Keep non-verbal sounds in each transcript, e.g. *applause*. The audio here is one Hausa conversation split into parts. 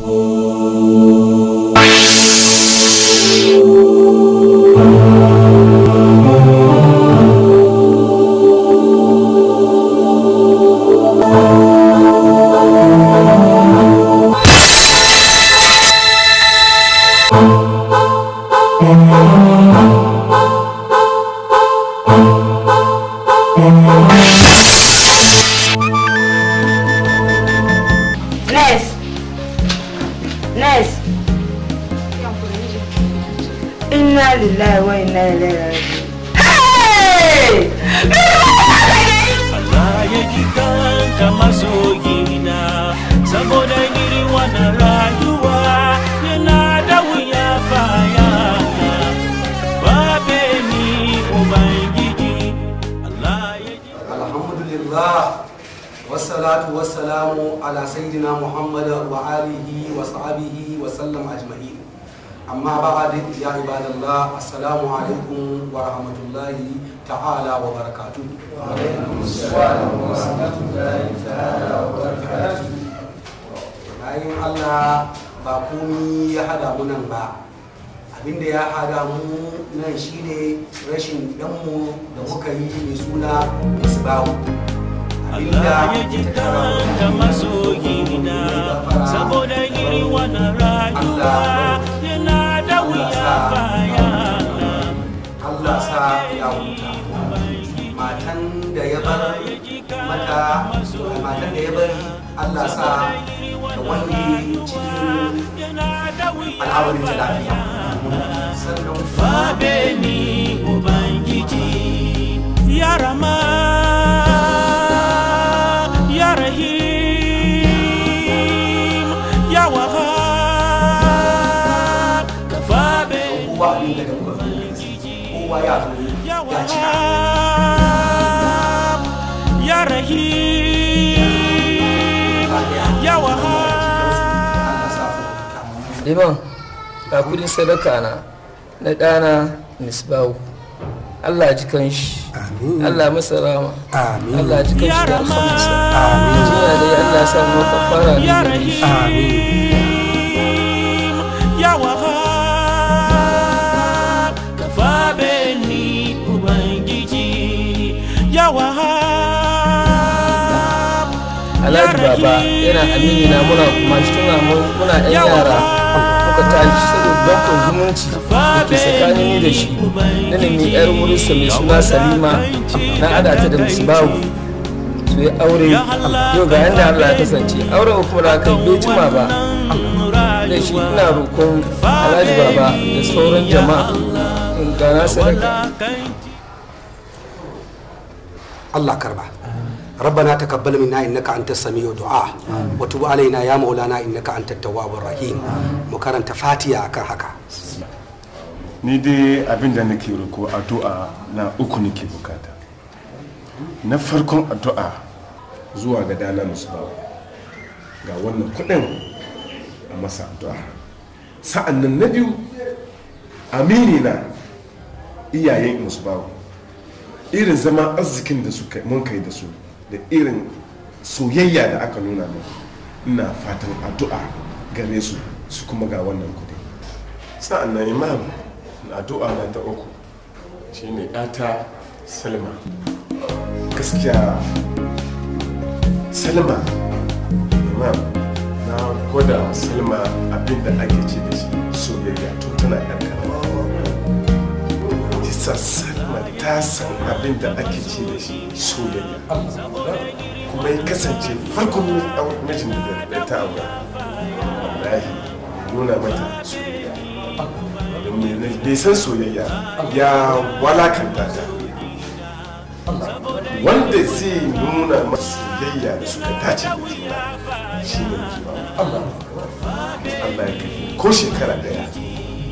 Oh. rahim ya wahab kafa be ya wahab ya rahim ya wahab liman ga kudin sadaka na na ɗana misbahu Allah ji kan shi Allah masa rama Allah ji kan shi da alhamsa amin da dai Allah sa mu kafara da rahim ya Alhaji Baba yana amini na muna kuma shi tuna muna ɗan yara kuka tashi danko zumunci da ke tsakanin da shi na nemi yar wurinsa mai suna salima na adata da musbahu su yi aure yau ga yadda allah ya kasance auren kuma da kan bai jima ba da shi ina roƙon alhaji baba da sauran jama'a in gana sadaka Allah karba ربنا تقبل منا انك انت السميع الدعاء ya علينا يا مولانا انك انت التواب الرحيم مكرنت فاتيا akan haka ni dai abin da nake roko addu'a na uku nake bukata na farkon addu'a zuwa ga dana musubawa ga wannan kudin a masa addu'a sa'an nan na biyu amini na iyayen musubawa irin zama arzikin da suka mun kai da su da irin soyayya da aka nuna min ina fatan addu'a gare su su kuma ga wannan kudi sa'an nan imam addu'a na ta uku shine yata salma gaskiya salma imam na gwada salma abinda ake ce da shi soyayya to tana ɗan karama jisa ka san abin da ake ce da shi soyayya kuma ya kasance farkon mijin da ta aura wallahi nuna mata soyayya domin bai san soyayya ya walakanta ta wanda zai nuna mata soyayya da suka dace da juna shi ne Allah ya kai ko shekara daya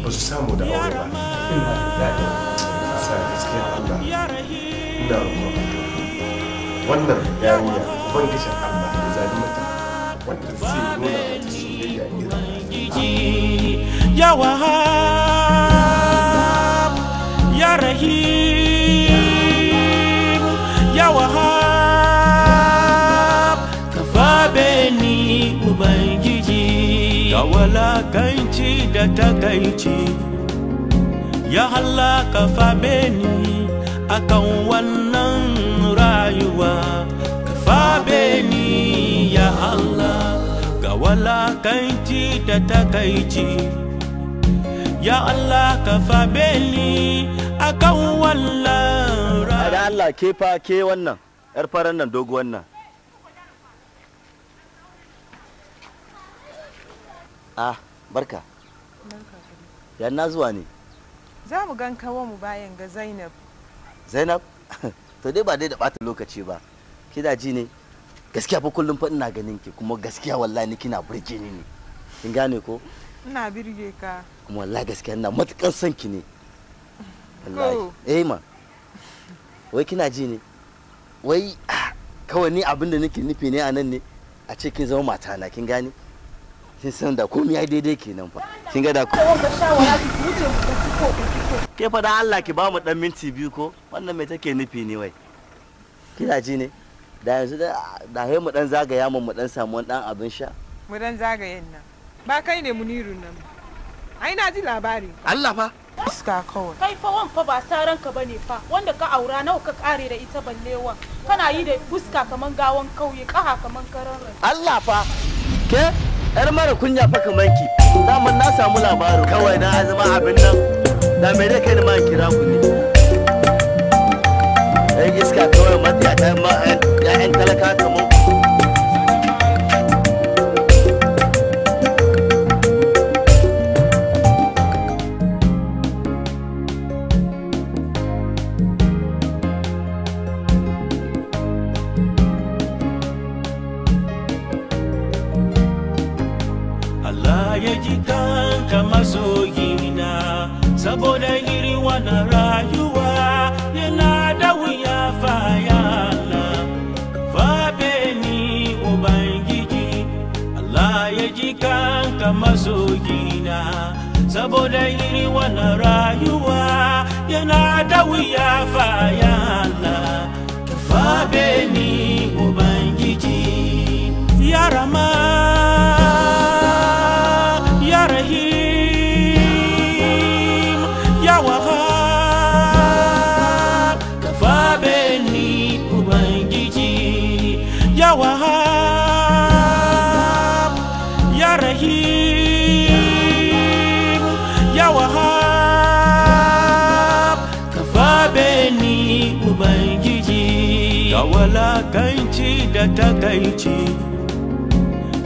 ba su samu da aure ba gaskiya Allah ina roƙon wannan yarinya ubangijin Allah ya zabi mata wanda zai nuna mata soyayya irin ya wahab ya rahim ya wahab ka ni ubangiji ka walakanci da takaici ya halaka fabe ni akan wannan rayuwa ka fabe ni ya Allah ga walakanci da takaici ya Allah ka fabe ni akan wannan rayuwa da Allah ke fa ke wannan yar faran nan doguwan nan ah barka yan na zuwa ne za mu gan mu bayan ga zainab zainab *laughs* to dai ba dai da bata lokaci ba kina ji ne gaskiya fa kullum fa ina ganin ki kuma gaskiya wallahi ni kina burge ni ne kin gane ko ina birge ka kuma wallahi gaskiya ina matukan son ki ne wallahi eh ma wai kina ji ne wai ah, kawai ni abin da nake nufi ne a nan ne a ce kin zama mata na kin gane kin san da komai daidai kenan fa kin ga da ko shawara ke fa da Allah ki ba mu dan minti biyu ko wannan mai take nufi ne wai kina ji ne da yanzu da da mu dan zagaya mu mu dan samu dan abin sha mu dan zagayen nan ba kai ne muniru nan ai na ji labari Allah fa iska kawai kai fa wan fa ba saran ka bane fa wanda ka aura nawa ka kare da ita ballewa kana yi da fuska kaman gawan kauye kaha kaman karan Allah fa ke yar mara kunya fa kaman ki zaman na samu labarin kawai na azuma abin nan da me dai kai ma kira ku ne ai iska kawai ma eh, ya ta talaka kaman rayuwa yana da wuya fa ya ka ni ubangiji ya rama ya rahim ya wahab fa ni ubangiji ya wahab ya rahim ci da takaici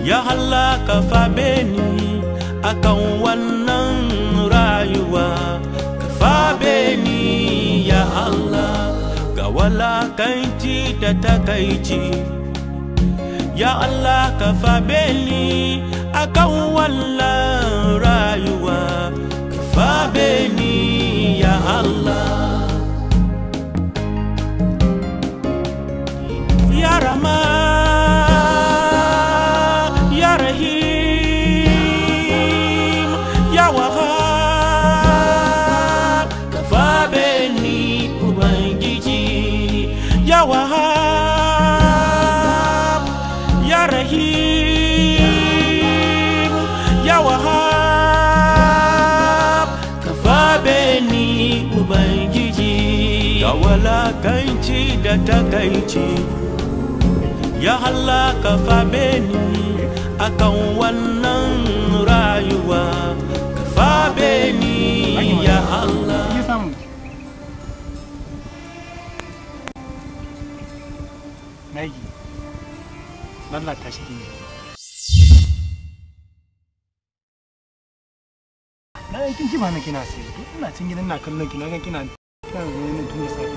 ya hallaka fabe ni akan wannan rayuwa ka fabe ni ya Allah ga walakanci da takaici ya Allah ka fabe ni akan wannan rayuwa ka fabe ni ya Allah da takaici ya hallaka fabe ni akan wannan rayuwa ka fabe ni ya Allah Maggie, lallata shi na yankin ji ba na kina sai ina cin gidan na kallon kina ga kina kina zuwa na tuni sai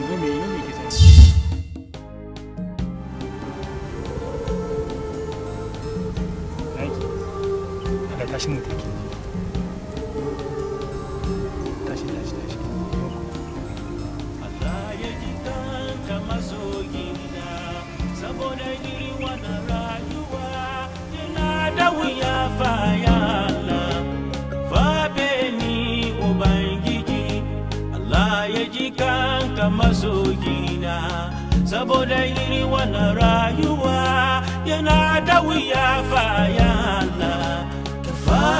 tashi mu take tashi tashi tashi saboda irin wannan rayuwa yana da wuya faya ni saboda rayuwa yana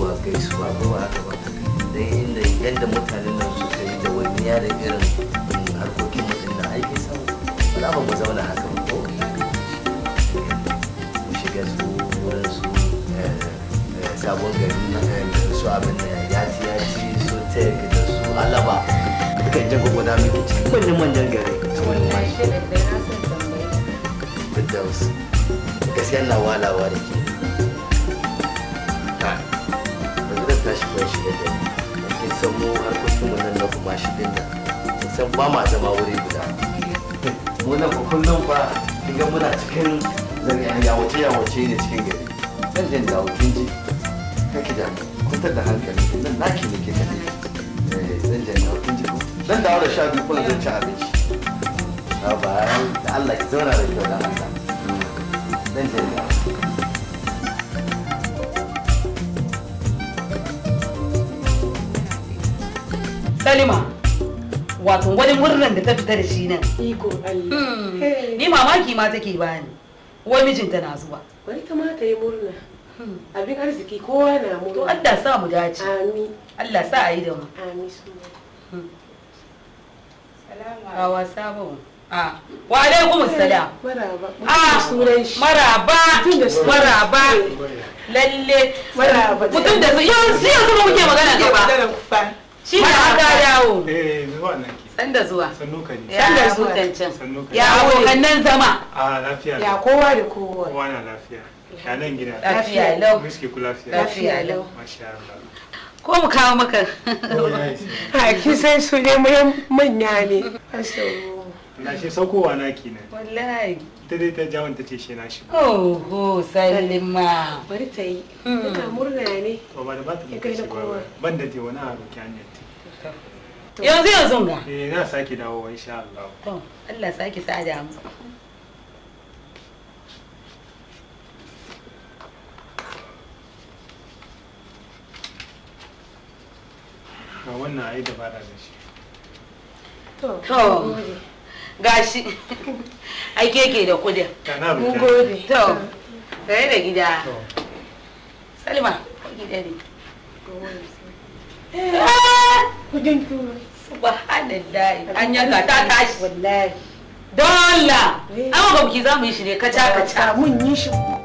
zuwa gaisuwa ba ba haka ba dan inda yadda mutanen nan suka yi da wani ya da irin harkokin mutum na aiki sau ba mu zauna haka ba ko mu shiga su wurin su eh, eh, sabon gari na eh, su abin da ya ci ya ci su tek da su alaba duka jan gwagwada mini cikin manyan manyan gari ta wani ma mashi da ya gaskiya na walawa da ke da gari kin san mu harkokin wannan na kuma shi din nan kin san ba ma zama wuri guda mu nan fa kullum fa kinga muna cikin Ya wuce ya wuce ne cikin gari zan jin dawo kin ji kake da kwantar da hankali nan naki ne ke kaɗai eh, zan jin da kin ji ko zan dawo da sha biyu kuma zan ci abinci ba da Allah ki zauna da kyau da Allah zan jin dawo salima wato wani murnan da ta fita da shi nan iko hmm. ni mamaki ma take bani wai mijinta na zuwa bari yi a Ah, wa alaikum Maraba. maraba. Lalle. Mutum da su yanzu muke magana gaba. shi ne an ka dawo san da zuwa sannu ka san da zuwa ya abokan zama a lafiya ya kowa da kowa kowa na lafiya ya nan gida lafiya lau miski ku lafiya lafiya lau masha Allah ko mu kawo maka oh, a kin san su ne manya ne na shi saukowa na kenan wallahi ita dai ta jawon ta ce shi na shi oho salima bari ta yi hmm. ina murna ne ba da ba ta ba. ban da te wani a roki hanyar to yanzu yanzu ga eh za saki dawo insha Allah to Allah saki sa da mu ga wannan ai da bada da shi to to gashi ai keke da kudin mu gode to sai da gida to salima salma gida ne ah! kudin turai subhanallahi an yanka ta tashi wallahi dola eh. an ga biki za mu yi shi ne kaca kaca mun yi shi eh,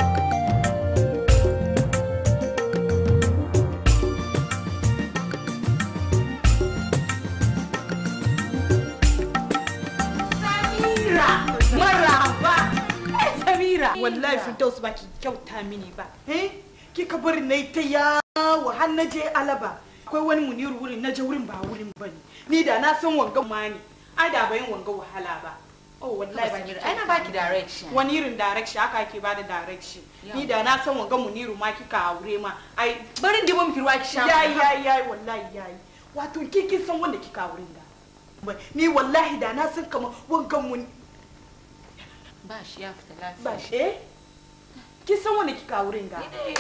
wallahi Firdaus ba ki kyauta mini ba. Eh? Kika bari na ta yawo har na je Alaba. akwai wani muniru wurin na je wurin ba wurin ba ne ni da na san wanga ma ne ai da bayan wanga wahala ba oh wallahi ba ki ana baki direction wani irin direction haka ke bada direction ni da na san wanga muniru ma kika aure ma ai barin dibo miki ruwa ki sha yayi yayi yayi wallahi yayi wato kiki san wanda kika aure da ni wallahi da na san kamar wanga mun ba shi ya fita lafiya ba shi eh kin san wanda kika aure ga ni dai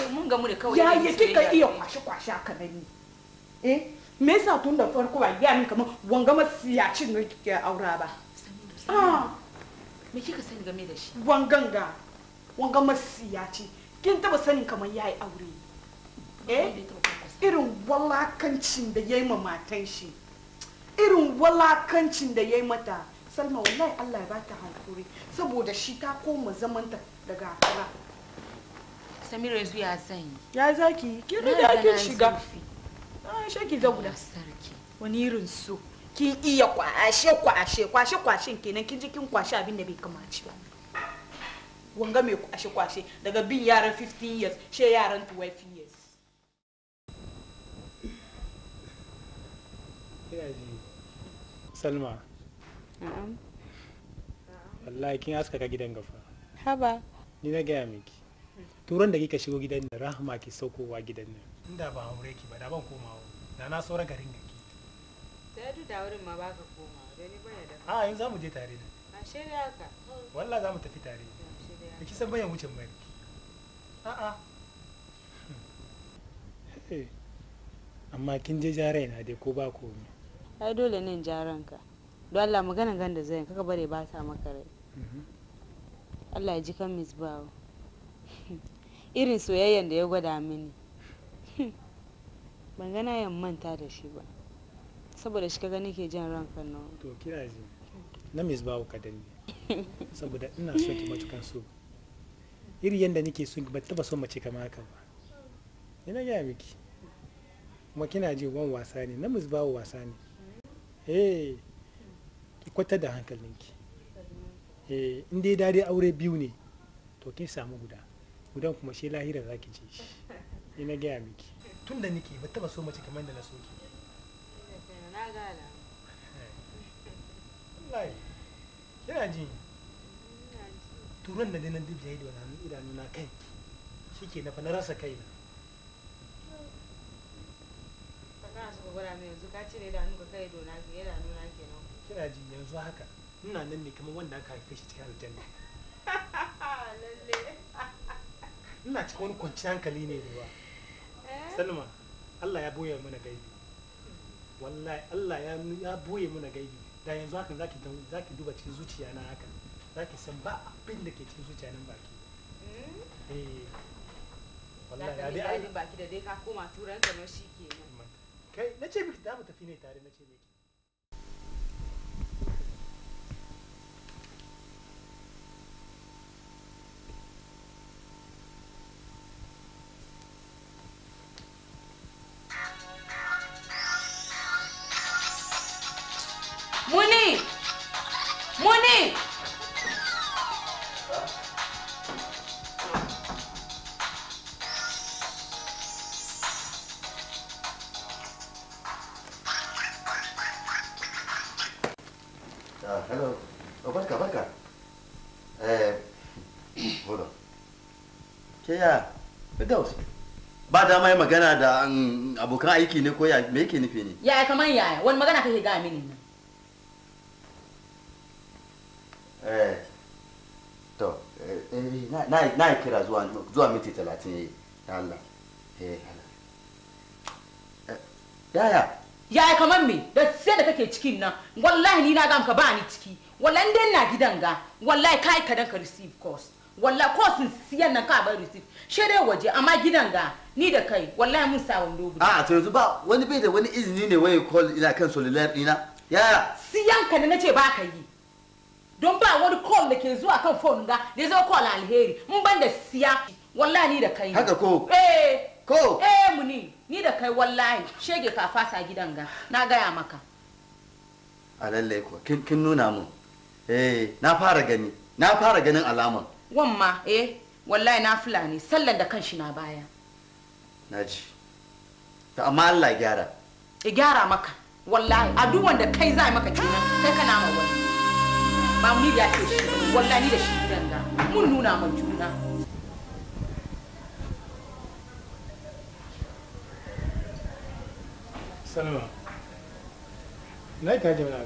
da kawai yayi kika iya kwashe kwashe a nan ni eh me yasa tun da farko ba gaya min kamar wanga masiyacin ne kike aura ba ah me kika sani game da shi wangan ga wanga masiyaci kin taba sanin kamar yayi aure eh irin walakancin da yayi ma matan shi irin walakancin da yayi mata salma wallahi Allah ya bata hankuri saboda shi ta koma zamanta daga akara samira yanzu ya zanyi ya zaki ki riga kin shiga Ah, shaki sarki Wani irin so. Kin iya kwashe kwashe kwashe kwashen kenan kin ji kin kwashe abin da bai kamaci ba. Wanga mai kwashe kwashe daga bin yaran 15 years she yaran 12 years. Salma. Na'am. Wallahi kin aska ka gidan gafa. Haba. Ni na gaya miki. Turan da kika shigo gidan nan rahama ki saukowa gidan nan. inda ba aure ki ba da ban komawa da na saura garin da ke da duk da wurin ma ba ka komawa da ni bane da a yanzu za mu je tare da a shirya haka wallahi za mu tafi tare da ki san bayan wucin mai a a amma kin je jarai na dai ko ba komi ai dole ne in jaran ka don Allah magana gan da zai kaka bare ba ta maka rai mhm. Allah ya ji kan misbawo *laughs* irin soyayyen da ya gwada mini ban gana yan manta da shi ba saboda shi kaga nake jin ranka nan to kira ji na miss ba ka danne *laughs* saboda ina so ki matukan so iri yanda nake so ba taba so mace kamar haka ba ina ga miki kuma kina ji wan wasa ne na miss bawo wasa ne eh ki kwata da hankalinki eh in dai dare aure biyu ne to kin samu guda gudan kuma shi lahira zaki je shi ina ga miki tun da nike ba taba so mace kamar da na so ki na gala kina ji turan da dubiya yi da wani idanu na kai shike na fa na rasa kai na yanzu kina ji yanzu haka ina nan ne kamar wanda aka haife shi cikin aljanna *laughs* ina cikin wani kwanciyar hankali ne da yawa salma allah ya boye mana gaibi wallahi allah ya boye mana gaibi da yanzu hakan zaki zaki duba cikin zuciya na haka zaki san ba abin da ke cikin zuciya nan baki hmm? eh wallahi da dai baki da dai ka koma turan kamar shi kenan kai nace miki da mu tafi ne tare nace miki ke ya Firdaus ba dama yi magana da um, abokan aiki ne ko me yake nufi ne ya kamar ya wani magana kake ga mini nan eh to eh, eh, na yi kira zuwa mita talatin ya yi eh, ya Allah ya ya kamar me da sai da kake cikin nan wallahi ni na gamka ba ni ciki wallahi dai na gidan ga wallahi kai ka dan ka receive cost walla ko sun siyan nan ka bar receipt she dai waje amma gidan ga ni da kai wallahi mun sa wando a a'a to yanzu ba wani bai da wani izini ne waye call ina kan cellular dina ya siyan ka ne nace ba ka yi don ba wani call da ke zuwa kan phone ga da zo call alheri mun ban da siya wallahi ni da kai haka ko eh ko eh muni ni da kai wallahi shege ka fasa gidan ga na gaya maka a lallai ko kin nuna mun eh na fara gani na fara ganin alaman wamma eh wallahi na fulani sallan da kanshi na baya naji to amma Allah gyara ya gyara maka wallahi duk wanda kai za maka kina kai kana ma wani ba mu ya ce shi wallahi da shi danga mun nuna ma juna salama na ta jama'a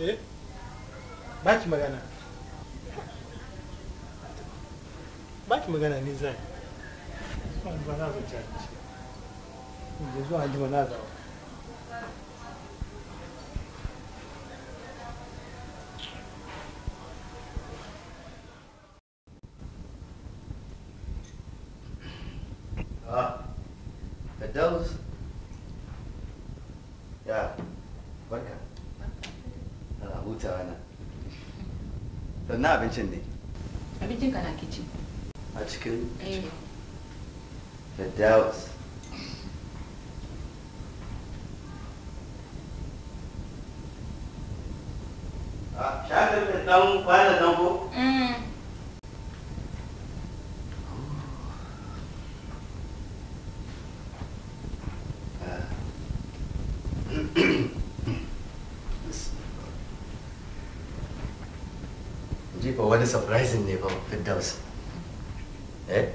Eh? baki magana baki magana ne zai ba na na zawa surprising ne fa Firdaus. Eh?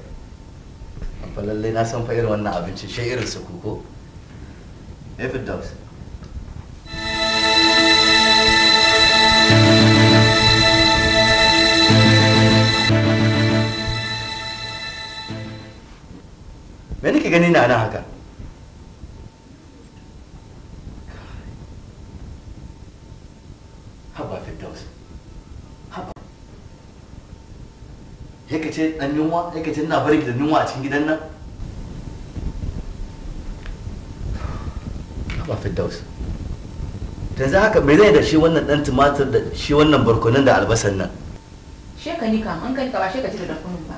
Amma lalle na san fa irin wannan abincin shi irin su Eh Firdaus. Me nake gani na nan haka? ce dan yunwa ai ce ina bari da yunwa a cikin gidan nan ba fi daus ta za haka me zai da shi wannan dan tumatir da shi wannan barkonin da albasan nan shekani nika an kai ka ba shekaci da barkonin ba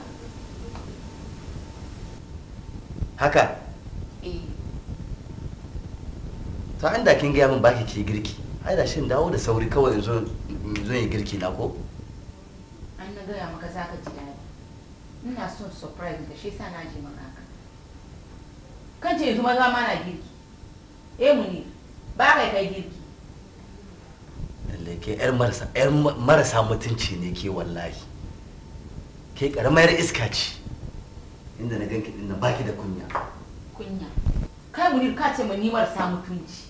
haka eh. ta inda kin gaya min baki ke girki ai da shi dawo da sauri kawai in zo yi girki na ko an na gaya maka zaka ji da ina son surprise da shi sa na ji maka haka kan ce yanzu maza ma na girki eh muni ba kai kai girki lalle ke yar marasa yar marasa mutunci ne ke wallahi ke karamar iska ce inda na ganki din baki da kunya kunya kai munir ka ce mun ni marasa mutunci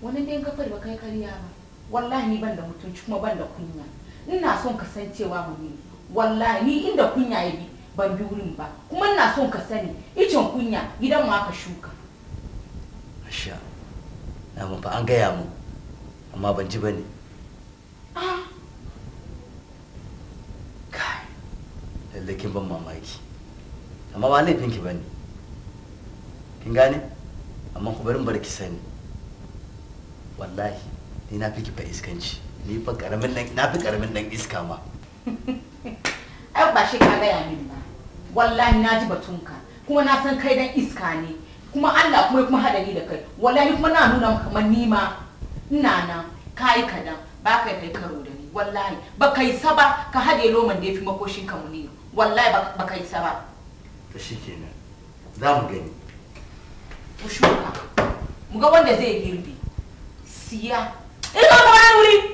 wani dai ka ba kai kariya ba wallahi ni ban da mutunci kuma ban da kunya ina son kasancewa cewa ne wallahi ni inda kunya ya bi ban bi wurin ba kuma ina son ka sani icen kunya gidan ma ka shuka asha na mun fa an gaya mu amma ban ji bane ah kai lalle kin ban mamaki amma ba laifin ki bane kin gane amma ku bari bar ki sani wallahi ni na fi ki fa iskanci ni fa karamin na fi karamin nan iska ma *laughs* ai ba shi ka gaya min ba wallahi na ji batunka kuma na san kai dan iska ne kuma Allah kuma kuma hadari da kai wallahi kuma na nuna maka kamar ni ma ina nan kai dan ba kai kai karo da ni wallahi ba kai saba ka hade loman da yafi makoshin ka muni wallahi ba kai saba to shikenan za mu gani mu shuka mu ga wanda zai girbi siya ina ba wuri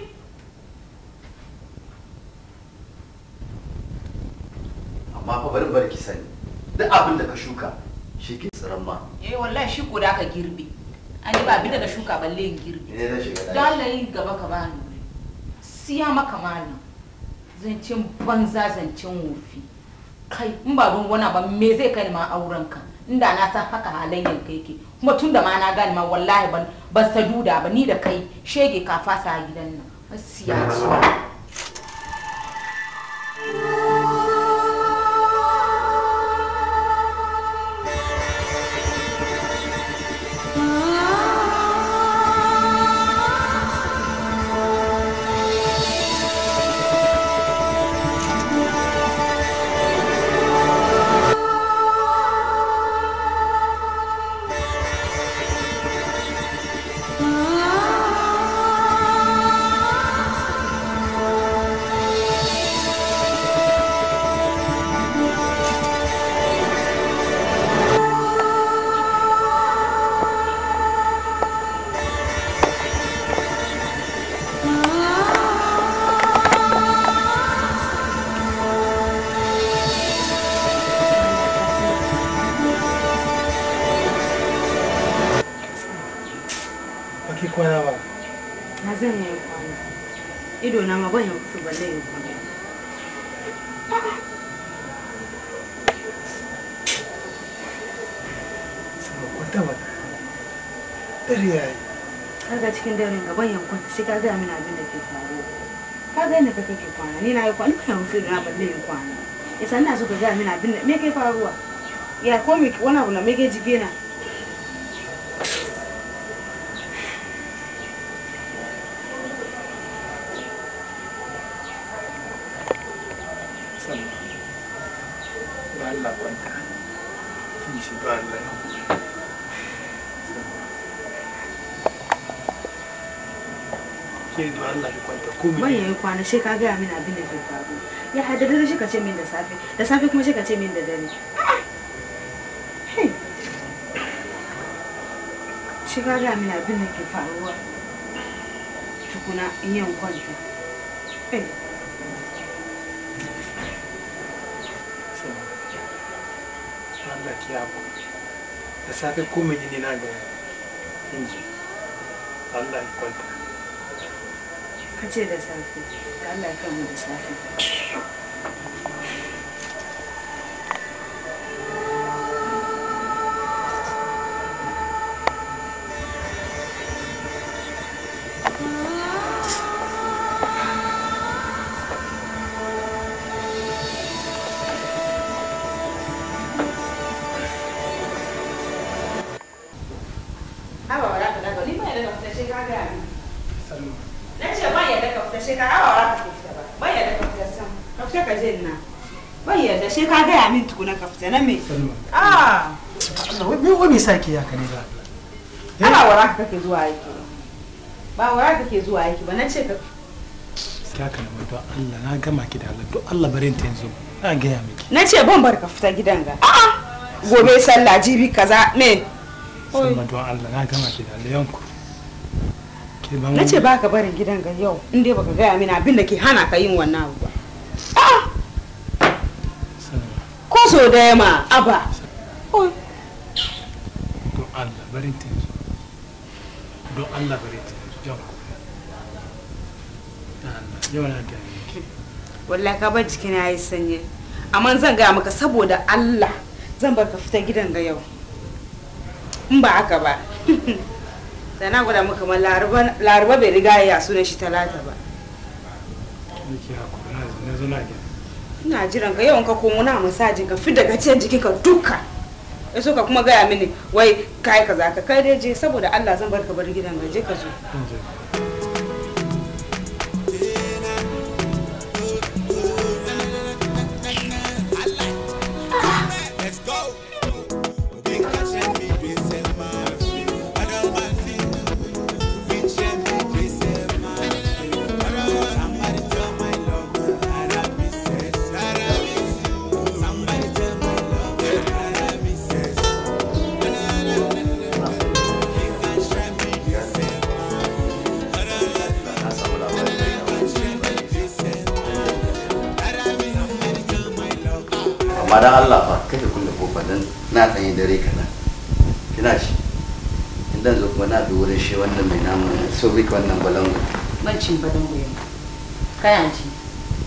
amma fa bari bari ki sani duk abin da ka shuka shi ke tsiran ma eh wallahi shi ko da ka girbe ani ba abin da ka shuka balle in girbe eh, ne na shiga dan Allah yin gaba ka bani siya maka malam zancen banza zancen wofi kai in ba don wani ba me zai kai ma auren ka inda na san haka halayyar kai ke kuma tun da ma na gani ma wallahi ban ban saduda ba ni da kai shege ka fasa a gidan nan siya ce dare kaga cikin dare na ban yankun sai ka ga mina abin da ke faruwa ka ga yadda kake kwana ni na yi kwana ina musu na balle yin kwana isa ina so ka ga min abin da me ke faruwa ya komi wani abu na me ke jige na kwana shi ka gaya mini abin da ke faru ya hada dare shi ka ce min da safe da safe kuma shi ka ce min da dare shi ka gaya mini abin da ke faruwa tukuna in yan kwanta eh. Allah ki abu da safe ko menene na ga inji Allah ya kwanta ka da safe ga Allah ya mu da safe da na me a ah! me wani sake ya kare da eh? ana wara ka kake zuwa aiki ba wara kake zuwa aiki ba na ce ka gaskiya ka na don Allah na gama ki da Allah don Allah barin ta yanzu na gaya miki na ce ban bar ka fita gidan ga a'a gobe sallah jibi kaza me sama don Allah na gama ki da Allah yanku na ce ba ka barin gidan ga yau in dai baka gaya mini abin da ke hana ka yin wannan abu ba a'a ko so daya ma aba don Allah bari ta don Allah bari ta jama yau na da wallahi ka bar jikin na yi sanye amma zan gaya maka saboda Allah zan bar ka fita gidan ga yau in ba haka ba sana *laughs* gwada maka ma laraba bai riga ya sunan shi talata ba. Nake hakuri na zana gida. ina jiran ka yawan ka komo na masajin ka fi daga cikin jikin ka duka ya so ka kuma gaya mini wai kai kaza ka kai dai je saboda Allah zan bar ka bar gidan ka je ka zo amma dan Allah fa kake kulle kofar dan na tsaye dare kana kina shi idan zo kuma na bi wurin shi wannan mai namu sobik wannan balango ban cin balango yau kana ji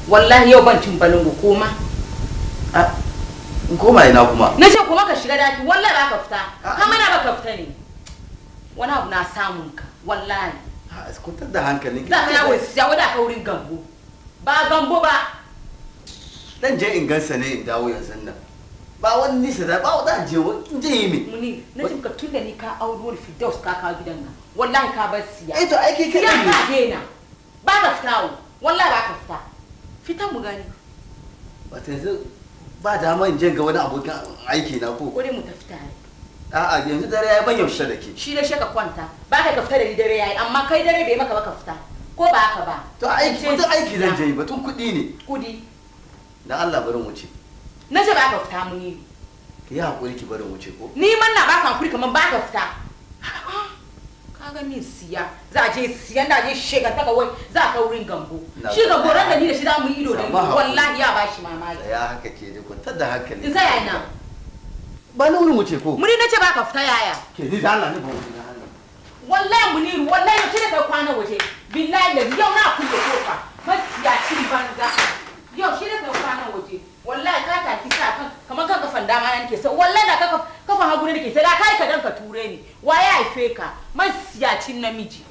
wallahi yau ban cin balango koma a in koma ina kuma na ce kuma ka shiga daki wallahi ba ka fita kan mana ba ka fita ne wani abu na samun ka wallahi a kuntar da hankalinki za ka yawo ya wada ka wurin gambo ba gambo ba dan je in gansa ne in dawo yanzu nan ba wani nisa da ba wani je wani je yi min muni na jin ka tunda ni ka auro fidaus ka kawo gidan nan wallahi ka bar siya eh to aiki kai ne ka daina ba ka fitawo wallahi ba ka fita fitan mu gani ta yanzu ba dama in je ga wani abokin aiki na ko kuri mu tafi tare A'a yanzu dare ya ban yaushe da ke. Shi da shi ka kwanta. Ba ka fita da dare yayi amma kai dare bai maka ba ka fita. Ko ba haka ba. To aiki mutum aiki zan je batun kuɗi ne. Kuɗi. dan Allah mu wuce na ce ba ka fita mu ni ki yi hakuri ki barin wuce ko ni man na ba ka hakuri kaman ba ka fita ka ga min siya za a je siya da je shega ta wai za ka wurin gambo shi ga ran da ni da shi za mu yi ido da wallahi ya bashi mamaki ya haka ke ji kwantar da hankali ne. Zai yana. ba na mu wuce ko muri na ce ba ka fita yaya ke ni da Allah ne ba wurin wallahi muniru wallahi mutum da kwana waje billahi da yau na kulle kofa maciya cin banza yau shi ne ka kwanan waje wallahi ka taki sa kan kamar kan kafan dama nan ke sai wallahi da kafa hagu ne ke sai ka kai ka danka ture ni waye haife ka cin namiji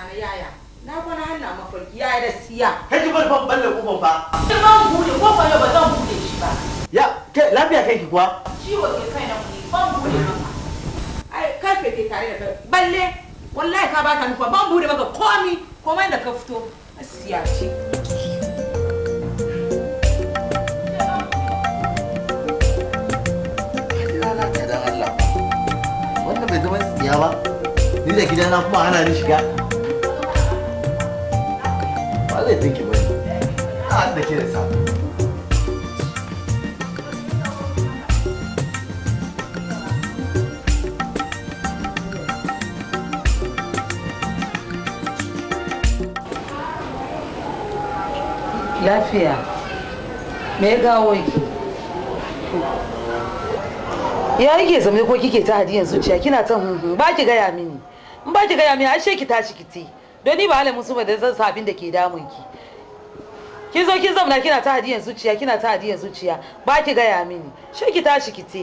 na yaya na kwana hanna mafarki ya da siya kai ban ban balle kofar fa kin ban bude kofar yau ba zan bude shi ba ya kai lafiya kai ki kuwa ciwo ke kai na kuɗi ban bude maka ai karfe ke tare da kai balle wallahi ka ba baka nufa ban bude maka komi komai da ka fito siya ce lalata dan Allah wannan bai zama tsiya ba ni da gidana kuma ana ni shiga laifin ke ya yake zamne ko kike ta hadiyan zuciya kina ta hunhun ba ki gaya mini in ba ki gaya mini ashe ki tashi ki ti don ni ba halin musu ba da zan sa abin da ke damun ki kin zo kin zauna kina ta hadiyan zuciya kina ta hadiyan zuciya ba ki gaya mini shi ki tashi ki te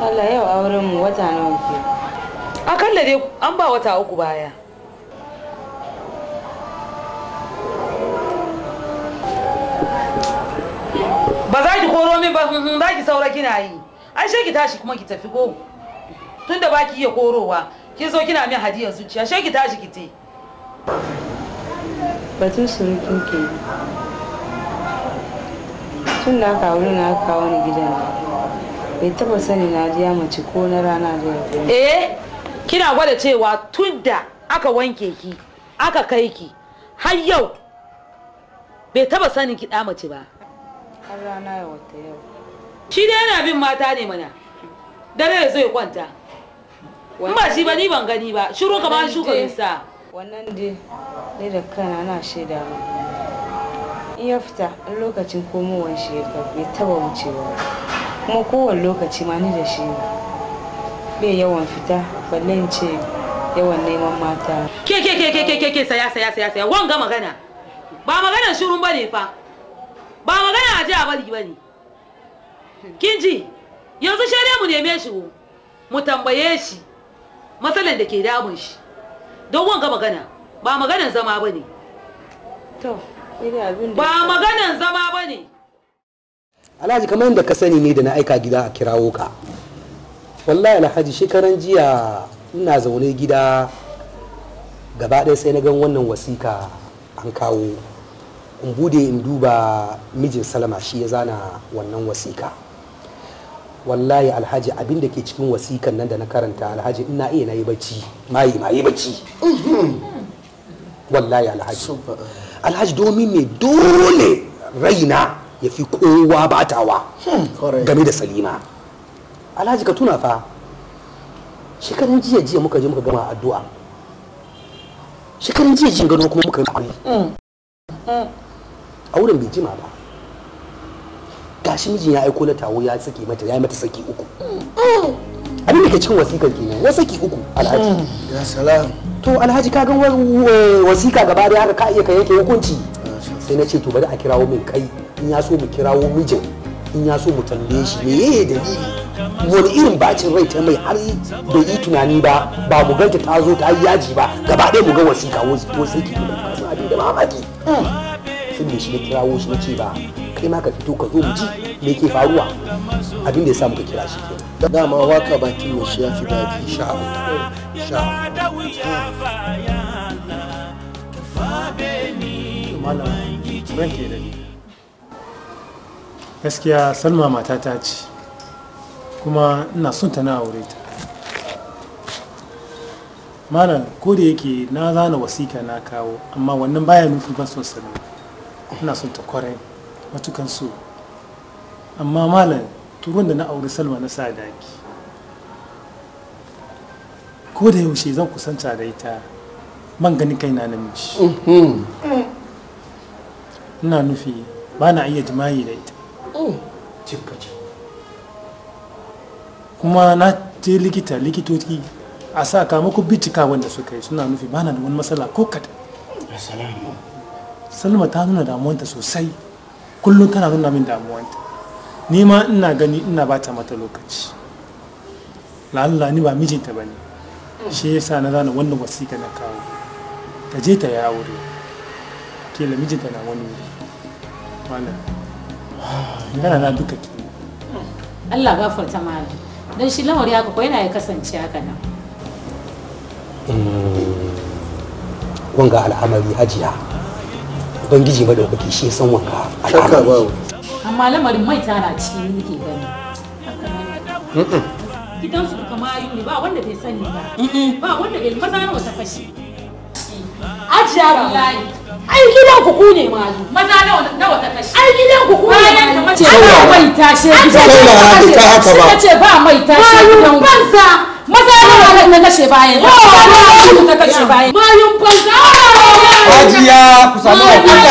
Allah yau auren mu wata nawa ke akalla dai an ba wata uku baya ba za ki koro min ba za ki saura kina yi ai shi ki tashi kuma ki tafi ko tunda baki iya korowa kin zo kina min hadiyar zuciya sai ki tashi ki te batun surukin ke tun da aka wuri na ka wani gidan bai taba sani na ji ya mace ko na rana da ya eh kina gwada cewa tun da aka wanke ki aka kai ki har yau bai taba sanin ki da mace ba har rana ya wata yau shi dai yana bin mata ne mana dare ya zo ya kwanta in ba shi ba ni ban gani ba shiru kamar shuka bisa. wannan dai dai da kana na shaida mu in ya fita in lokacin komowar shi ya bai taba wucewa kuma kowane lokaci ma ni da shi bai yawan fita balle in ce yawan neman mata ke ke ke ke ke ke saya saya saya saya wanga magana ba maganar shirun bane fa ba magana a ji a bari bane kin ji yanzu shirye mu neme shi mu tambaye shi matsalar da ke damun shi don wanga magana ba maganan zama ba ne ba maganan zama ba ne alhaji kamar yadda ka sani ne da na aika gida a kirawo ka wallahi alhaji shekaran jiya ina zaune gida gaba ɗaya sai na gan wannan wasika an kawo in bude in duba mijin salama shi ya zana wannan wasika wallahi alhaji abin da ke cikin wasikan nan da na karanta alhaji ina iya na yi bacci mayi ma yi bacci wallahi alhaji alhaji domin ne dole raina ya fi kowa batawa hmm, game da salima alhaji ka tuna fa shekarun jiya jiya muka je muka gama addu'a shekarun jiya jiya gano kuma muka yi a wurin hmm. hmm. bai jima ba gashi mijin ya aiko na tawo ya saki mata ya mata saki uku abin da ke cin wasikar kenan nan saki uku alhaji ya salam to alhaji ka ga wasika gaba da haka ka iya ka yanke hukunci sai na ce to bari a kirawo min kai in ya so mu kirawo mijin in ya so mu tambaye shi me yayi dalili wani irin bacin rai ta mai har bai yi tunani ba ba mu ganta ta zo ta yi yaji ba gaba ɗaya mu ga wasika wasiki da mamaki shine shi ya kirawo shi nace ba kai ma ka fito ka zo mu ji me yake faruwa abin da ya sa muka kira shi ke dama waka bakin mu shi ya fi daɗi sha'abu sha'abu gaskiya salma mata ta ce kuma ina son ta na aure ta malam ko da yake na zana wasika na kawo amma wannan baya nufin ba son salma ina son ta kwarai matukan su amma malam turon da na auri salma na sadaki ko da yaushe zan kusanta da ita man gani kai na namiji mm-hmm. ina nufi ba na iya jima'i da ita mm. kuma na je likita likitoci a sakamako bincika wanda suka yi suna nufi ba na da wani matsala ko kaɗan salma ta nuna damuwanta sosai kullum tana nuna min damuwanta ni ma ina gani ina ba ta mata lokaci la'alla ni ba mijinta ba ne shi sa na zana wannan wasiƙa na kawo ta je ta ya aure da mijinta na wani wuri mana yana na duka ke Allah gafarta malam don shi lamari haka ko yana ya kasance haka nan kun mm. al'amari hajiya ubangiji madaukaki shi san wanka shakka ba amma lamarin mai tana cikin nake gani gidansu duka mayu ne ba wanda bai sani ba ba wanda bai maza nawa ta fashi ajiya ai gidan ku mayu maza fashi ai gidan ku bayan mace mai tashe gidan ku ce ba mai tashe gidan ku banza maza kashe bayan banza 我。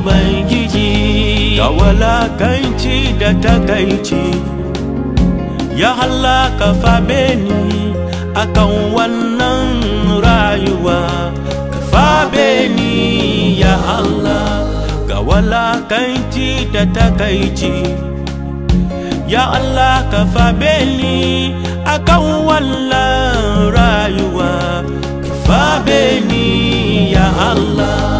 ubangiji ga walakanci da takaici ya halaka fabe ni akan wannan rayuwa ka fabe ni ya Allah ga walakanci da takaici ya Allah ka fabe ni akan wannan rayuwa ka fabe ni ya Allah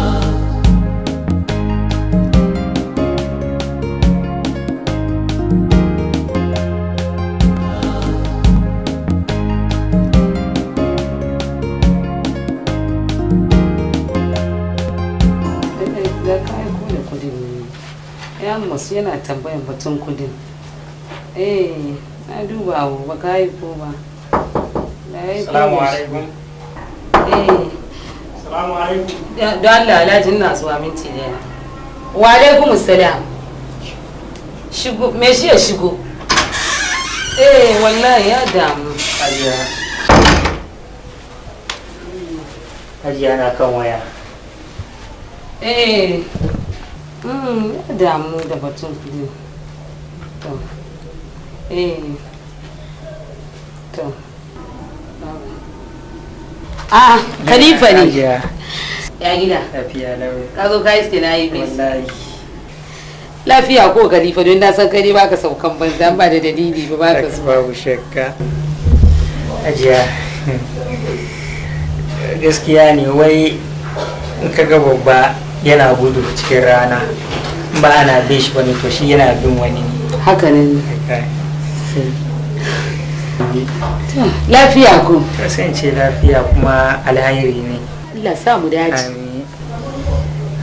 Amos yana tambayan batun kudin. Eh, na duba wa ba ka yi ko ba. Salamu alaikum. Eh. Salamu alaikum. Don eh, ya damu. Hajiya. Hajiya na kan waya. Eh. Hmm, ya eh, to ah khalifa ne ya gida lafiya lau na yi mai lafiya ko khalifa don na san kai ba ka saukan banza ba da dalili ba ba ka shakka ajiya gaskiya ne wai in ka ga babba yana gudu cikin rana ba ana bin shi ba to shi yana bin wani haka ne lafiya ko kasance lafiya kuma alhairi ne Allah sa mu dace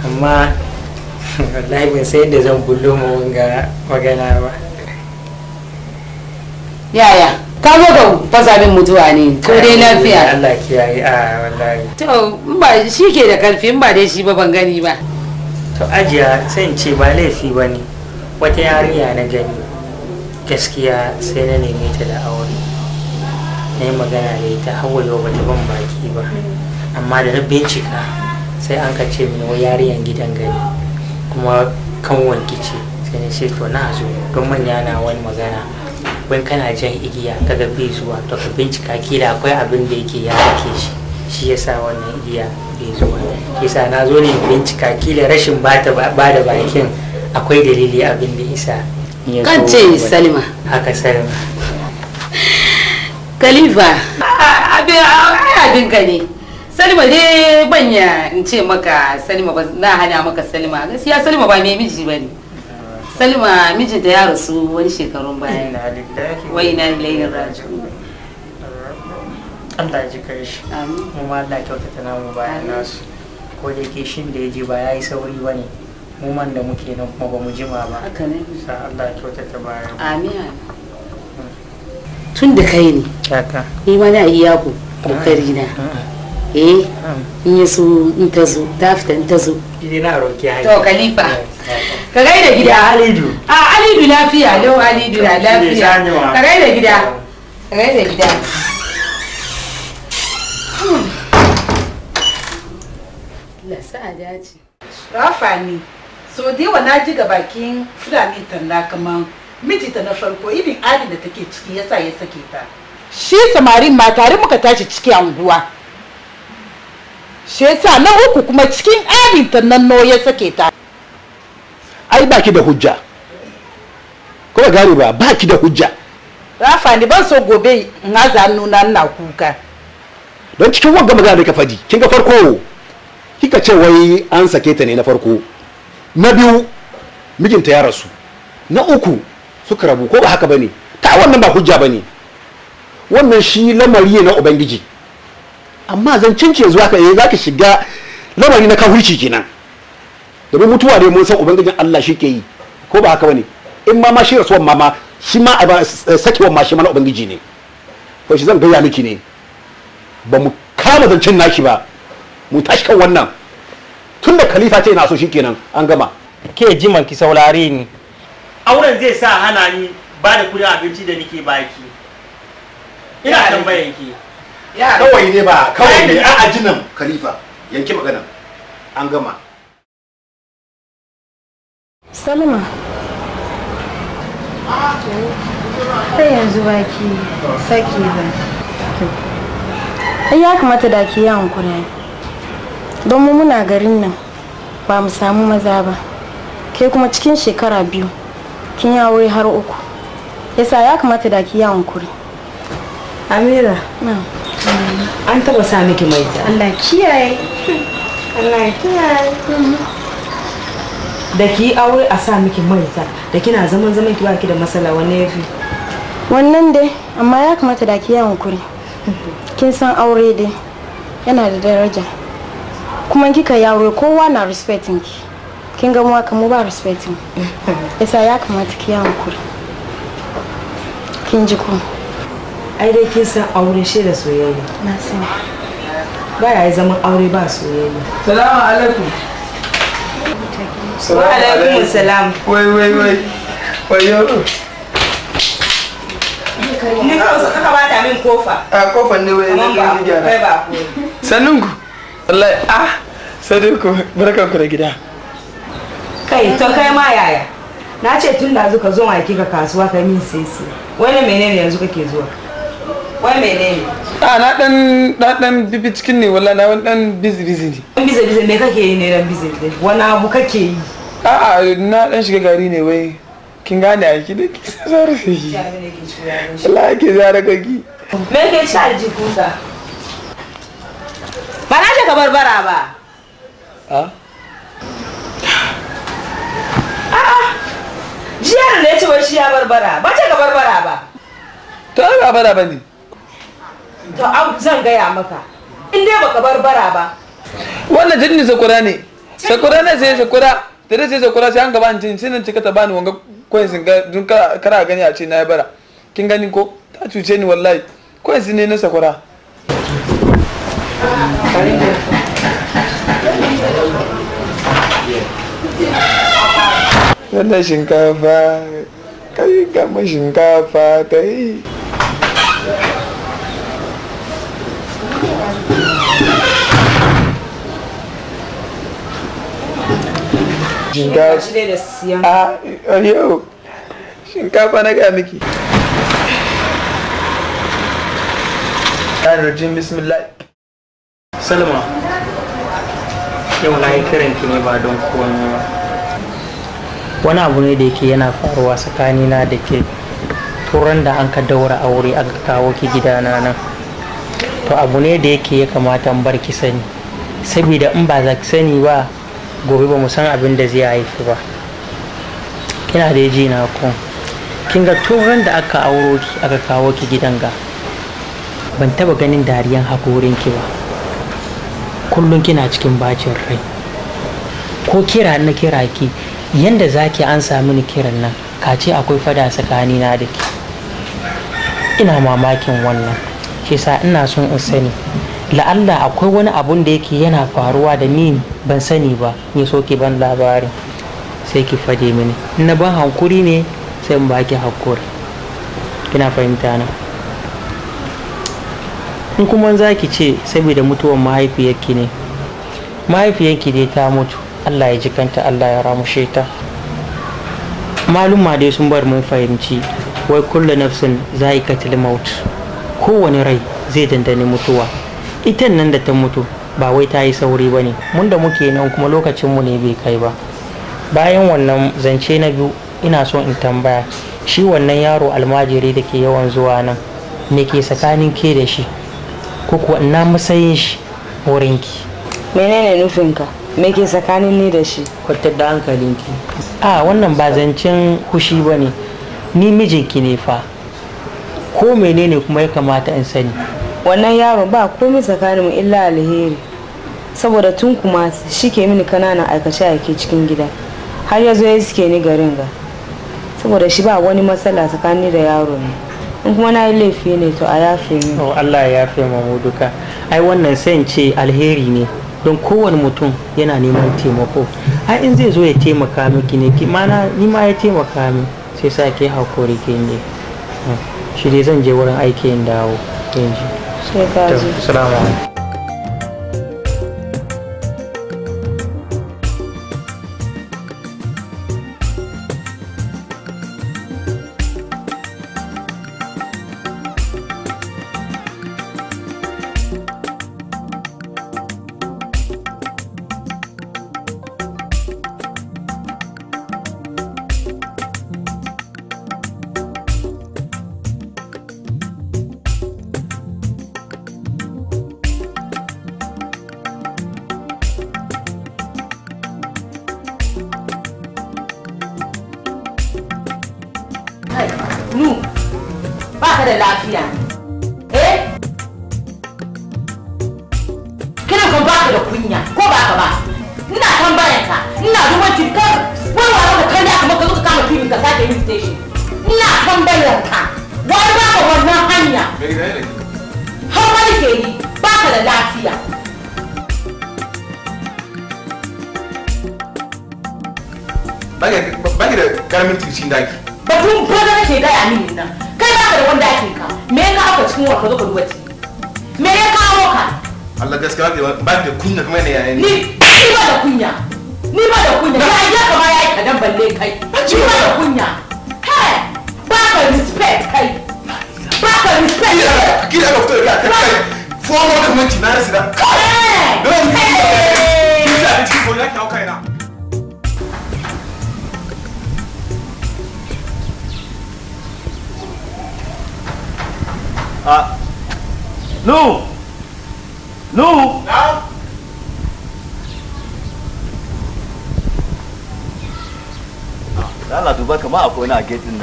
amma *laughs* wallahi ban sai da zan bullo mu wanga magana ba yaya ka zo fasa min mutuwa ne ko dai lafiya Allah kiyaye a wallahi to in ba shi ke da karfi in ba dai shi ba ban gani ba to ajiya sai in ce ba laifi ba ne wata yarinya na gani gaskiya sai na neme ta da aure na yi magana da ita hawa yau ba ta ban baki ba amma da na bincika sai an ka ce mini wai yarinyar gidan gani kuma kan wanki ce sai na ce to na zo don manya na wani magana wani kana jan igiya kaga bai zuwa to ka bincika kila akwai abin da yake ya rike shi shi yasa wannan igiya bai zuwa yasa na zo ne bincika kila rashin ba da bakin akwai dalili abin da isa kan ce salima haka salima ai abin ka ne salima dai banya in ce maka salima ba na hana maka salima gaskiya salima ba mai miji ba ne salma mijinta ya rasu wani shekarun baya wa ina ilaihi raju. Allah ji kai shi mu ma Allah kyautata namu bayan nasu ko da yake shin da yaje ba yayi sauri bane mu man da muke nan kuma ba mu jima ba haka ne sa Allah kyautata bayan amin hmm. tun da kai ne kaka ni ma na iya ku kokari hmm. na hmm. eh mm. in ya so in ta zo ta fita in ta zo gidi na roki hali to kalifa ka da gida alidu a alidu lafiya lau alidu na lafiya ka da gida ka da gida lasa a daji rafa ne so dewa na ji ga bakin fulani talla kaman ta na farko irin adin da take ciki yasa ya sake ta shi samarin ma tare muka tashi ciki anguwa shi yasa na uku kuma cikin adinta nan no ya sake ta ai baki da hujja kuma gari ba baki da hujja rafa ni ban so gobe in haza nuna ina kuka don cikin wanga magana da ka fadi kin ga farko kika ce wai an sake ta ne na farko na biyu mijinta ya rasu na uku suka rabu ko ba haka bane ta wannan ba hujja bane wannan shi lamari ne na ubangiji amma zan cince zuwa ka yi eh, zaka shiga lamari na kafirci kenan domin mutuwa ne mun san ubangijin Allah shi ke yi ko ba haka bane in ma ma shi rasuwan mama shi ma eh, sakewan ma shi ma na ubangiji ne ko shi zan gaya miki ne ba mu kama zancen naki ba mu tashi kan wannan tun da khalifa ce ina so kenan an gama ke jiman ki saurare ni auren zai sa hana ni ba da kudin abinci da nike baki ina tambayan ki kawai ne ba kawai ne a ajinan khalifa yanki magana an gama salma ta yanzu ba ki saki ba ya kamata da ki yi hankuri don mu muna garin nan ba mu samu maza ba ke kuma cikin shekara biyu kin yi aure har uku yasa ya kamata da ki yi hankuri Amira. An taba sa miki mai ta. Allah kiyaye. Allah kiyaye. Mhm. Da ki aure a sa miki mai ta da kina zaman zaman ki baki da masala wanne yafi. Wannan dai amma ya kamata da ki yawan kuri. Kin san aure dai yana da daraja. Kuma kika yawo kowa na respecting ki. Kin ga mu haka mu ba respecting. *laughs* Yasa ya kamata ki yawan kuri. Kin ji ko? ai dai kin san aure shi da soyayya na san ba ya zaman aure ba soyayya salamu alaikum wa alaikum salam wai wai wai wai yaro ni ka so kaka ta min kofa a kofan ne wai ne ga gyara ba ku sannun ku wallahi ah sai ku barkan ku da gida kai to kai ma yaya na ce tun da zuka zo ma kika kasuwa kai min sai sai wani menene yanzu kake zuwa wai ne. a ah, na dan na dan bibi cikin ne wala na wani dan busy busy ne dan busy busy me kake yi ne dan busy busy wani abu kake yi a a na dan shiga gari ne wai kin gane a ki da ki zara ki Allah ke zara ka ki me ke sha ji kusa ba na ka barbara ba ah? a jiya ne ya ce wai shi ya barbara ba ce ka barbara ba to ba barbara ba ne to zan gaya maka in dai baka barbara ba wannan jinni sakura ne sakura ne sai sakura da dai sai sakura sai an gaba jin sai nan cika ta bani wanga koyin sun ga dun kara gani a ce na yi bara kin gani ko ta cuce ni wallahi koyin sun ne na sakura wannan shinkafa kai gama shinkafa ta yi. shinkafa wani abu ne da yake yana faruwa tsakanina da ke turan da an ka daura aure aka kawo ki gidana nan to abu ne da yake ya kamata bar ki sani sabida in ba za ki sani ba gobe ba mu san abin da zai haifi ba kina da ji na ku kin ga turan da aka auro aka kawo ki gidan ga ban taba ganin dariyan hakorin ki ba kullum kina cikin bacin rai ko kira na kira ki yanda zaki an sami ni kiran nan ka ce akwai fada tsakani na da ki ina mamakin wannan shi sa ina son in sani la'alla akwai wani abun da yake yana faruwa da ni ban sani ba ya so ki ban labarin sai ki fade mini na ban hankuri ne sai in baki hakuri kina fahimta na in kuma za ki ce saboda mutuwan mahaifiyarki ne mahaifiyarki dai ta mutu allah ya ji kanta allah ya ramushe ta maluma dai sun bar mun fahimci wai kulle nafsin za yi katil mautu kowane rai zai dandane mutuwa ita nan da ta mutu ba wai ta yi sauri ba ne mun da muke nan kuma lokacinmu ne bai kai ba bayan wannan zance na biyu ina so in tambaya shi wannan yaro almajiri da ke yawan zuwa nan me ke tsakanin ke da shi ko kuwa ina matsayin shi wurinki menene nufinka me ke tsakanin ni da shi kwatar da hankalinki a wannan ba zancen kushi ba ne ni mijinki ne fa ko menene kuma ya kamata in sani wannan yaro ba komai tsakaninmu illa alheri saboda tun kuma shi ke mini kananan aikace aike cikin gida har ya zo ya suke ni garin ga saboda shi ba wani matsala tsakani da yaro ne in kuma na yi laifi ne to a yafe ni oh, Allah ya yafe mu duka ai wannan sai ce alheri ne don kowane mutum yana neman taimako ai in zai zo ya taimaka miki ne ki mana ni ma ya taimaka min sai sa ke hakuri ke ne hmm. shi dai zan je wurin aiki in dawo yanzu sai ka ji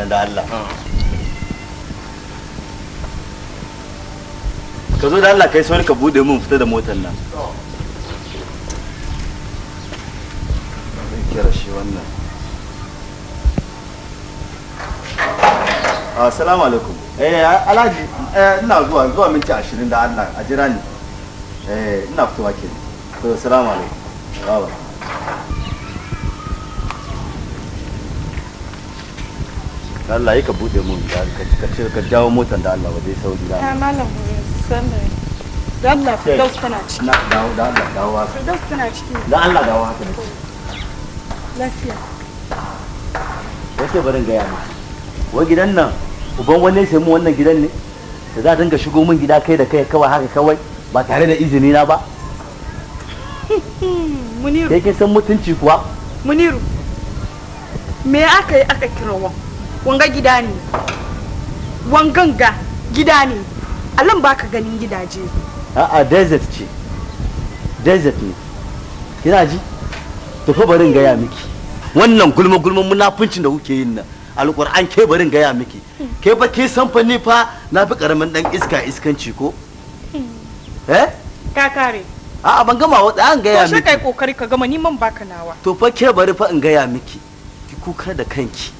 nan da Allah ah. ka zo da Allah kai sauri ka bude mun fita da motar nan oh. shi wannan ah, assalamu alaikum eh alhaji eh, ina zuwa zuwa minti 20 da Allah a jira ni eh ina fitowa kenan to assalamu alaikum baba Allah ka bude mun ka ce ka jawo motar da Allah waje zai sauri da. malam san da da Allah Firdaus tana ciki. Na dawo da Allah dawo haka. Firdaus tana ciki. Da Allah dawo haka ne. Lafiya. Wace barin gaya ma. Wa gidan nan uban wani sai mu wannan gidan ne. Da za a dinga shigo mun gida kai da kai kawai haka kawai ba tare da izini na ba. *laughs* Muniru. Kai kin san mutunci kuwa? Muniru. Me aka yi aka kira wa? wanga gida ne wanganga gida ne alan baka ganin gidaje a'a desert ce desert ne kina ji tafi barin gaya miki wannan gulma gulma munafuncin da kuke yin nan alƙur'an ke barin gaya miki ke ba ke san fa ni fa na fi karamin dan iska iskanci ko hmm. eh ka kare a'a ban gama wa an gaya miki to shi kai kokari ka gama ni man baka nawa to fa ke bari fa in gaya miki ki kuka da kanki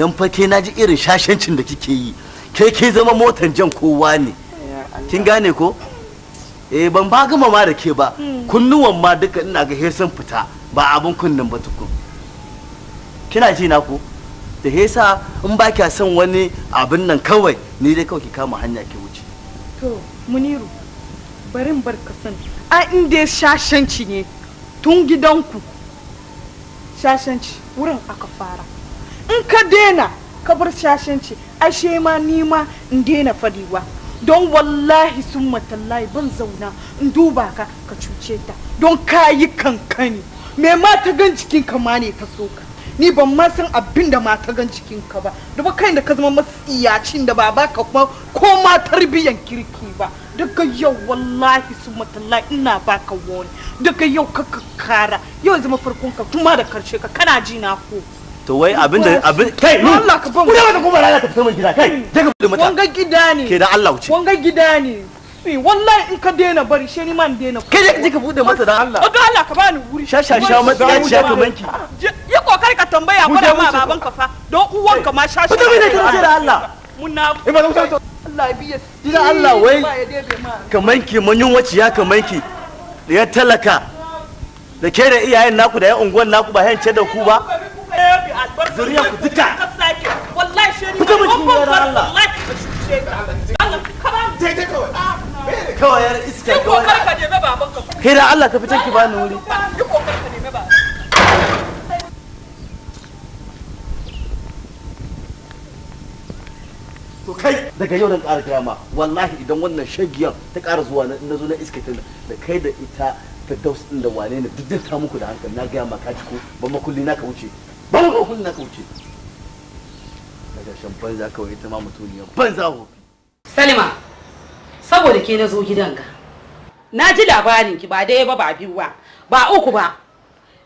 don fake na ji irin shashancin da kike yi ke ke zama motan jan kowa ne kin gane ko eh ban ba gama ma da ke ba hmm. kunnuwan ma duka ina ga hesan fita ba abin kunnin ba tukun kina ji na ko da hesa in ba kya son wani abin nan kawai ni dai kawai ki kama hanya ki wuce to muniru barin bar ka san a inda shashanci ne tun gidanku shashanci wurin aka fara in ka dena ka bar shashanci ashe ma ni ma in daina fadiwa don wallahi sun matallahi ban zauna in duba ka ka cuce ta don ka yi kankani me ma ta gan jikin ka ma ne ta so ka ni ban ma san abin da ma ta gan jikin ka ba da ba kai da ka zama matsiyacin da ba ka kuma ko ma tarbiyyan kirki ba daga yau wallahi sun matalla ina baka wani daga yau ka kara yau zama farkon ka kuma da karshe ka kana ji na ko to wai abin da abin kai mu Allah ka fa mu da kuma rana ta fita mun gida kai je ka mata wanga gida ne ke da Allah wuce wanga gida ne fi wallahi in ka daina bari she ni man daina kai je ka bude mata dan Allah wato Allah ka bani wuri sha sha sha mata ya ci ka banki yi kokari ka tambaya ko da ma baban ka fa don uwan ka ma sha sha da Allah muna eh, Allah biya dina Allah wai kamanki manyun wace ya kamanki ya talaka da ke da iyayen naku da ya unguwan naku ba ce da ku ba zuriya ku duka wallahi Allah kawai iska ka nemi babanka kai da Allah ka wuri to kai daga yau dan ƙara kiyama wallahi idan wannan shagiyar ta ƙara zuwa na zo na iska ta da kai da ita ta daus din da wane ne duk da ta muku da hankali na gaya ma ka ban ba makulli na ka wuce ba mu kofin na kauce daga shan banza kawai ita ma mutuniyar banza ho salima saboda ke nazo gidanka na ji labarin ki ba dai ba ba biwa ba ba uku ba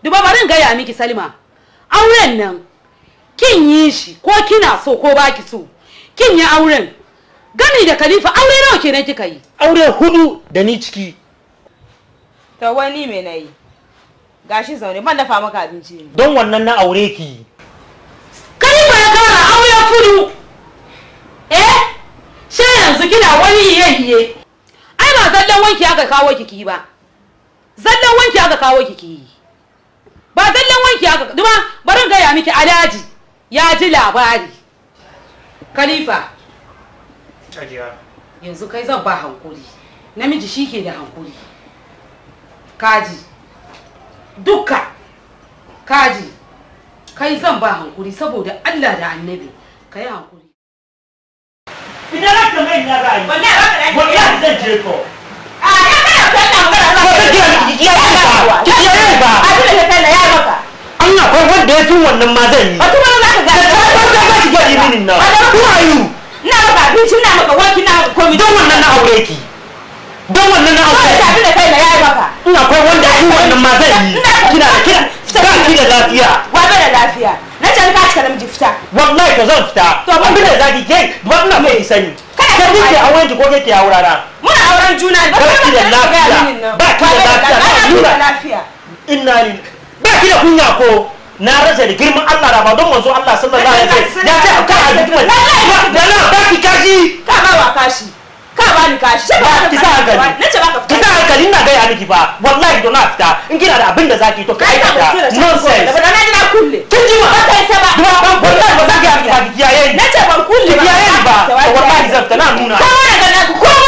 duba barin gaya miki salima auren nan kin yi shi ko kina so ko baki so kin yi auren gani da khalifa aure nawa kenan kika yi aure hudu da ni ciki ta wani me nayi gashi zaune ban dafa maka abinci ne don wannan na aure ki kai ba ya kara aure kudu eh she yanzu kina wani iye iye ai ba zallan wanki aka kawo kiki ba zallan wanki aka kawo kiki ba zallan wanki aka duma barin gaya miki alaji ya ji labari khalifa yanzu kai zan ba hankuri namiji shi ke da hankuri kaji duka kaji kai zan ba hankuri saboda Allah da annabi kai hankuri ina za mai na ra'ayi wallahi zan je ko a ya kana na magana ka ki ya yi ba a da ya maka wanda ya tun wannan ma zan yi ba ga ta ta ta ba ki na na abinci na maka waki na komi don wannan na aure ki don wannan na akwai tafi da kai na yayi maka in akwai wanda in wannan ma zai yi kina da kina ba ki da lafiya wa ba da lafiya na can ka cika namiji fita wallahi ka zan fita to ban da zaki ke ba ina mai sani kai ni ke auren ki ko ke aura na muna auren juna ba ki da lafiya ba ki da lafiya ba lafiya inna ni ba ki da kunya ko na rasa da girman Allah da ba don manzo Allah sallallahu alaihi wasallam ya ce ka azumin da na ba ki kashi ka ba wa kashi ka ba ni kashi ba ki sa hankali na ce baka ki sa hankali ina gaya miki fa wallahi don na fita in kina da abin da zaki to kai ka ba na kulle kin ji ma ba kai sa ba ban kulle ba zaki ya ki kiyaye ni na ce ban kulle ba kiyaye ni ba wallahi zan ta na nuna ko daga na ko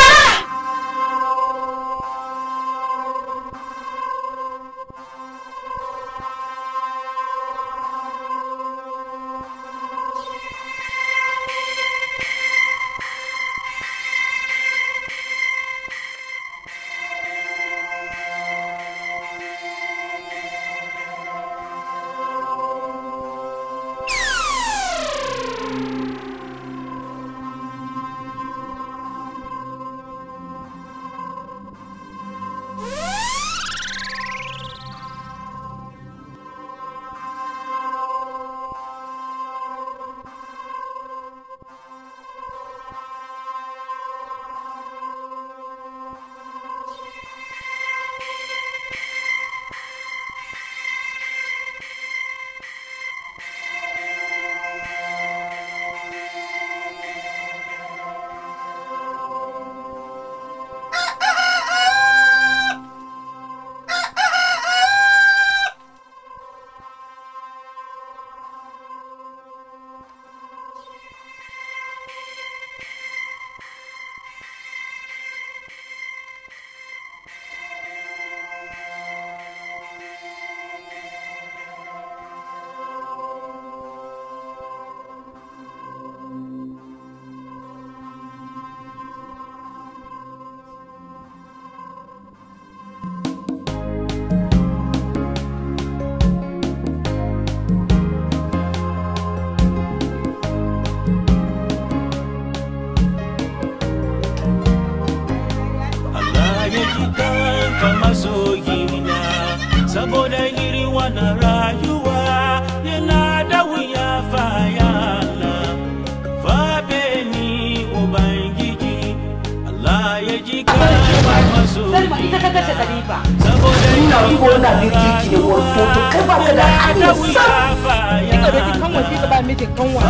mijin kanwa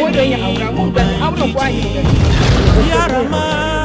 ko da ya aura mun ban auren kwaye da